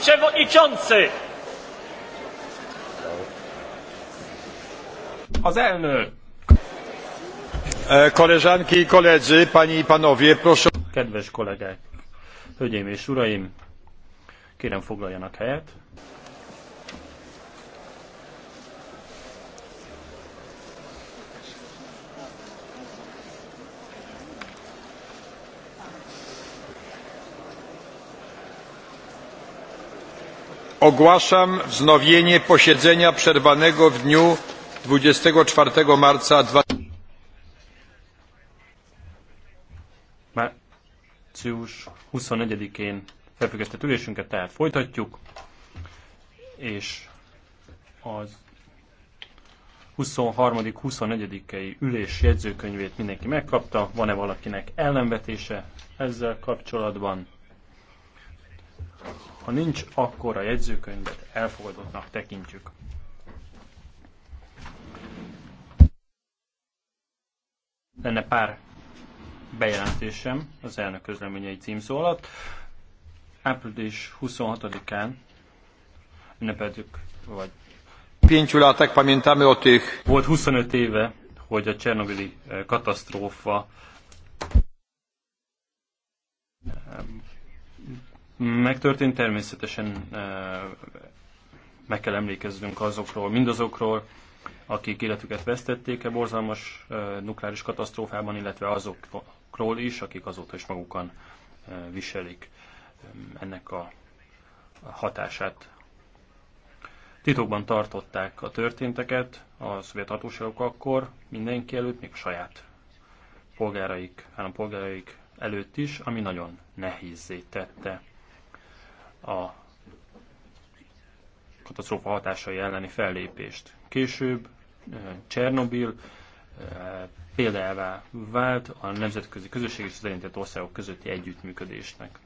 przewodniczący! Az elnök! E, koleżanki i koledzy, pani i panowie, proszę... Kedves kollégák, hölgyeim és uraim, kérem foglaljanak helyet. Ogłaszam wznowienie posiedzenia przerwanego w dniu 24 marca 20... Március 24-én felfüggesztett ülésünket, tehát folytatjuk, és az 23.-24-i ülés jegyzőkönyvét mindenki megkapta. Van-e valakinek ellenvetése ezzel kapcsolatban? Ha nincs, akkor a jegyzőkönyvet elfogadottnak tekintjük. Lenne pár bejelentésem az elnök közleményei címszó alatt. Április 26-án ünnepeltük, vagy pięciu latach pamiętamy Volt 25 éve, hogy a Csernobili eh, katasztrófa megtörtént, természetesen meg kell emlékeznünk azokról, mindazokról, akik életüket vesztették a e borzalmas nukleáris katasztrófában, illetve azokról is, akik azóta is magukon viselik ennek a hatását. Titokban tartották a történteket a szovjet hatóságok akkor, mindenki előtt, még a saját polgáraik, állampolgáraik előtt is, ami nagyon nehézé tette a katasztrófa hatásai elleni fellépést. Később Csernobil példává vált a nemzetközi közösség és az érintett országok közötti együttműködésnek.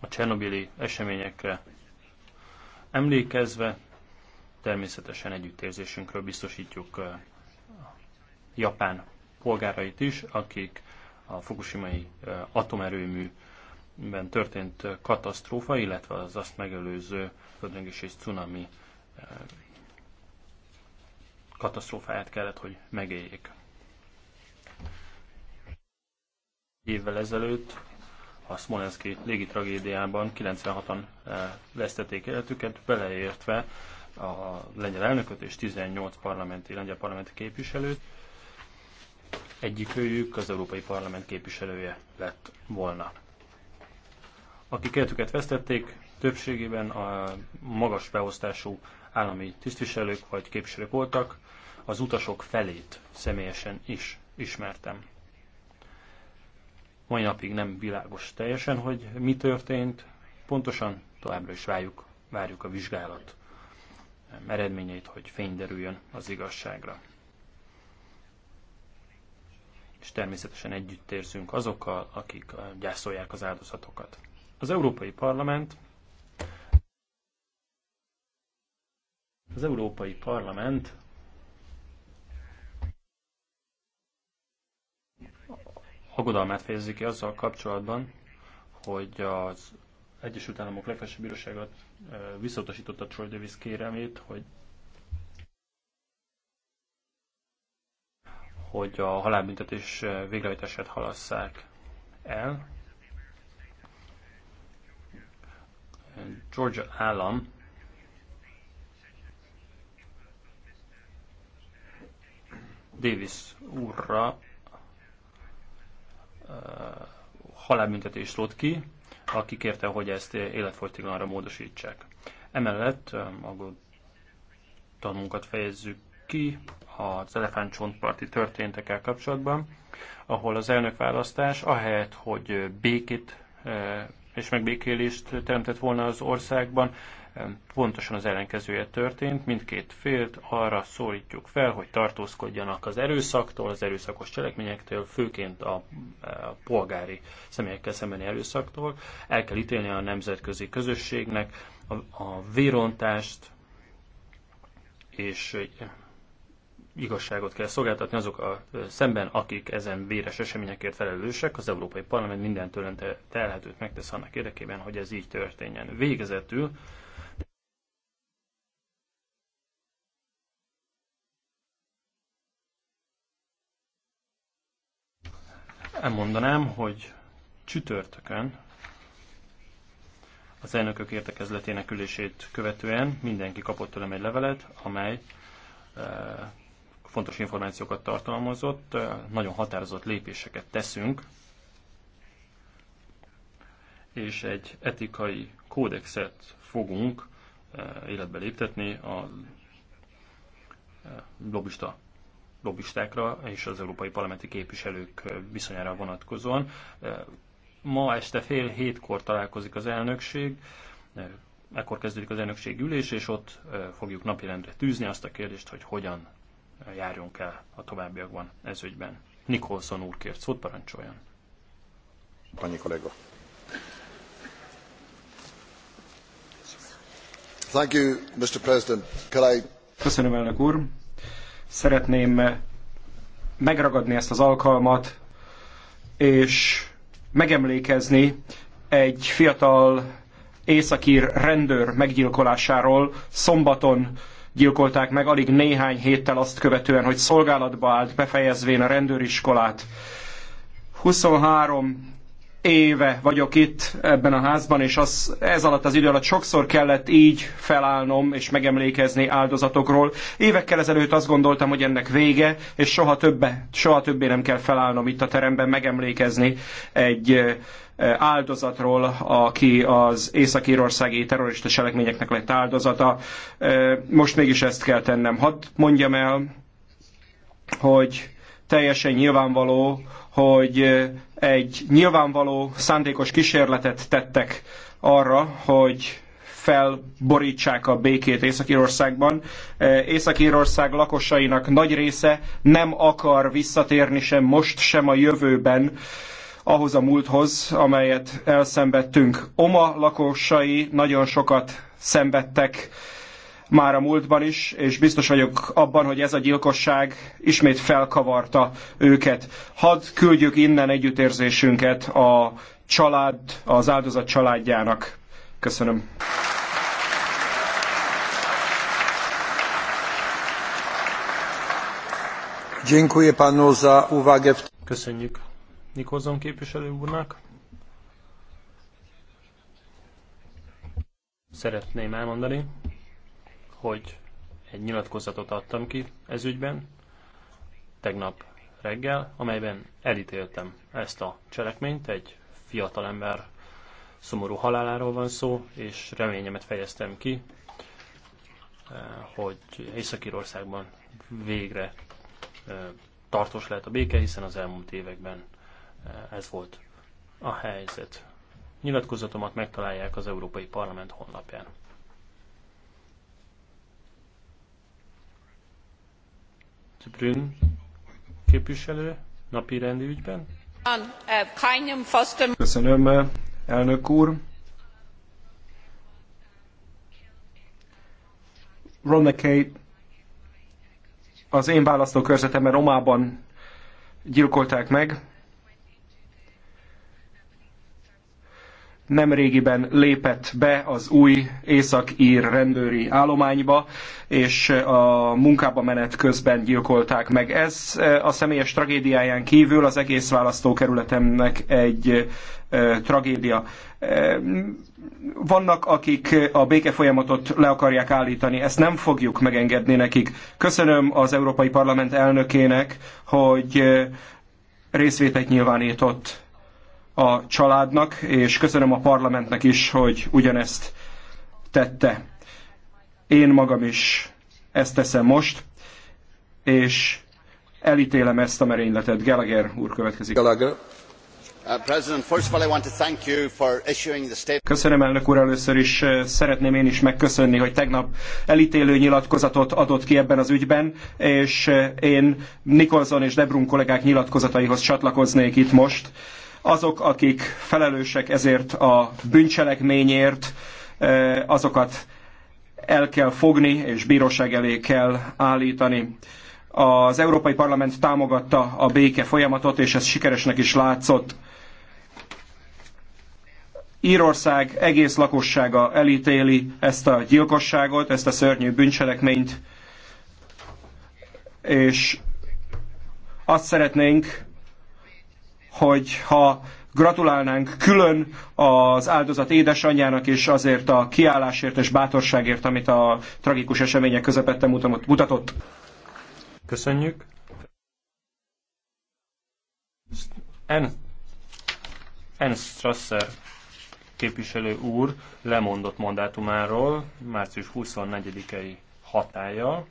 A csernobili eseményekre emlékezve természetesen együttérzésünkről biztosítjuk Japán polgárait is, akik a fukushimai atomerőmű ben történt katasztrófa, illetve az azt megelőző földrengés és cunami katasztrófáját kellett, hogy megéljék. Évvel ezelőtt a Smolenszki tragédiában 96-an vesztették életüket, beleértve a lengyel elnököt és 18 parlamenti, lengyel parlamenti képviselőt. Egyikőjük az Európai Parlament képviselője lett volna akik életüket vesztették, többségében a magas beosztású állami tisztviselők vagy képviselők voltak, az utasok felét személyesen is ismertem. Mai napig nem világos teljesen, hogy mi történt, pontosan továbbra is várjuk, várjuk a vizsgálat eredményeit, hogy fény derüljön az igazságra. És természetesen együtt érzünk azokkal, akik eh, gyászolják az áldozatokat. Az Európai Parlament az Európai Parlament aggodalmát fejezi ki azzal kapcsolatban, hogy az Egyesült Államok legfelsőbb bíróságot visszautasította Troy Davis kérelmét, hogy hogy a halálbüntetés végrehajtását halasszák el. Georgia állam Davis úrra halálbüntetést rótt ki, aki kérte, hogy ezt életfogytiglanra módosítsák. Emellett tanunkat fejezzük ki az elefántcsontparti történtekkel kapcsolatban, ahol az elnökválasztás ahelyett, hogy békét és megbékélést teremtett volna az országban. Pontosan az ellenkezője történt, mindkét félt arra szólítjuk fel, hogy tartózkodjanak az erőszaktól, az erőszakos cselekményektől, főként a, e, polgári személyekkel szembeni erőszaktól. El kell ítélni a nemzetközi közösségnek a, a vérontást, és igazságot kell szolgáltatni azok a szemben, akik ezen véres eseményekért felelősek. Az Európai Parlament minden tőlem telhetőt megtesz annak érdekében, hogy ez így történjen. Végezetül elmondanám, hogy csütörtökön az elnökök értekezletének ülését követően mindenki kapott tőlem egy levelet, amely fontos információkat tartalmazott, nagyon határozott lépéseket teszünk, és egy etikai kódexet fogunk életbe léptetni a lobbista lobbistákra és az európai parlamenti képviselők viszonyára vonatkozóan. Ma este fél hétkor találkozik az elnökség, ekkor kezdődik az elnökség ülés, és ott fogjuk napirendre tűzni azt a kérdést, hogy hogyan járjunk el a továbbiakban ez ügyben. Nikolson úr kért szót, parancsoljon. Annyi kollega. Thank you, Mr. President. Can I... Köszönöm, elnök úr. Szeretném megragadni ezt az alkalmat, és megemlékezni egy fiatal északír rendőr meggyilkolásáról szombaton gyilkolták meg alig néhány héttel azt követően, hogy szolgálatba állt, befejezvén a rendőriskolát. 23 éve vagyok itt ebben a házban, és az, ez alatt az idő alatt sokszor kellett így felállnom és megemlékezni áldozatokról. Évekkel ezelőtt azt gondoltam, hogy ennek vége, és soha, többe, soha többé nem kell felállnom itt a teremben megemlékezni egy áldozatról, aki az észak-írországi terrorista cselekményeknek lett áldozata. Most mégis ezt kell tennem. Hadd mondjam el, hogy teljesen nyilvánvaló, hogy egy nyilvánvaló szándékos kísérletet tettek arra, hogy felborítsák a békét Észak-Írországban. E, Észak-Írország lakosainak nagy része nem akar visszatérni sem most, sem a jövőben ahhoz a múlthoz, amelyet elszenvedtünk. Oma lakosai nagyon sokat szenvedtek már a múltban is, és biztos vagyok abban, hogy ez a gyilkosság ismét felkavarta őket. Hadd küldjük innen együttérzésünket a család, az áldozat családjának. Köszönöm. Köszönjük Nikolson képviselő úrnak. Szeretném elmondani, hogy egy nyilatkozatot adtam ki ez ügyben, tegnap reggel, amelyben elítéltem ezt a cselekményt, egy fiatalember szomorú haláláról van szó, és reményemet fejeztem ki, eh, hogy Észak-Írországban végre eh, tartós lehet a béke, hiszen az elmúlt években eh, ez volt a helyzet. Nyilatkozatomat megtalálják az Európai Parlament honlapján. Brün képviselő napi rendi ügyben. Köszönöm, elnök úr. Ron McKay az én választókörzetemben Romában gyilkolták meg. nemrégiben lépett be az új észak-ír rendőri állományba, és a munkába menet közben gyilkolták meg. Ez e, a személyes tragédiáján kívül az egész választókerületemnek egy e, tragédia. E, vannak, akik a békefolyamatot le akarják állítani, ezt nem fogjuk megengedni nekik. Köszönöm az Európai Parlament elnökének, hogy részvételt nyilvánított a családnak, és köszönöm a parlamentnek is, hogy ugyanezt tette. Én magam is ezt teszem most, és elítélem ezt a merényletet. Gallagher úr következik. Gallagher. Uh, köszönöm, elnök úr, először is uh, szeretném én is megköszönni, hogy tegnap elítélő nyilatkozatot adott ki ebben az ügyben, és uh, én Nicholson és Debrun kollégák nyilatkozataihoz csatlakoznék itt most. Azok, akik felelősek ezért a bűncselekményért, azokat el kell fogni, és bíróság elé kell állítani. Az Európai Parlament támogatta a béke folyamatot, és ez sikeresnek is látszott. Írország egész lakossága elítéli ezt a gyilkosságot, ezt a szörnyű bűncselekményt, és azt szeretnénk, hogy ha gratulálnánk külön az áldozat édesanyjának és azért a kiállásért és bátorságért, amit a tragikus események közepette mutatott. Köszönjük. en Strasser képviselő úr lemondott mandátumáról március 24-i hatája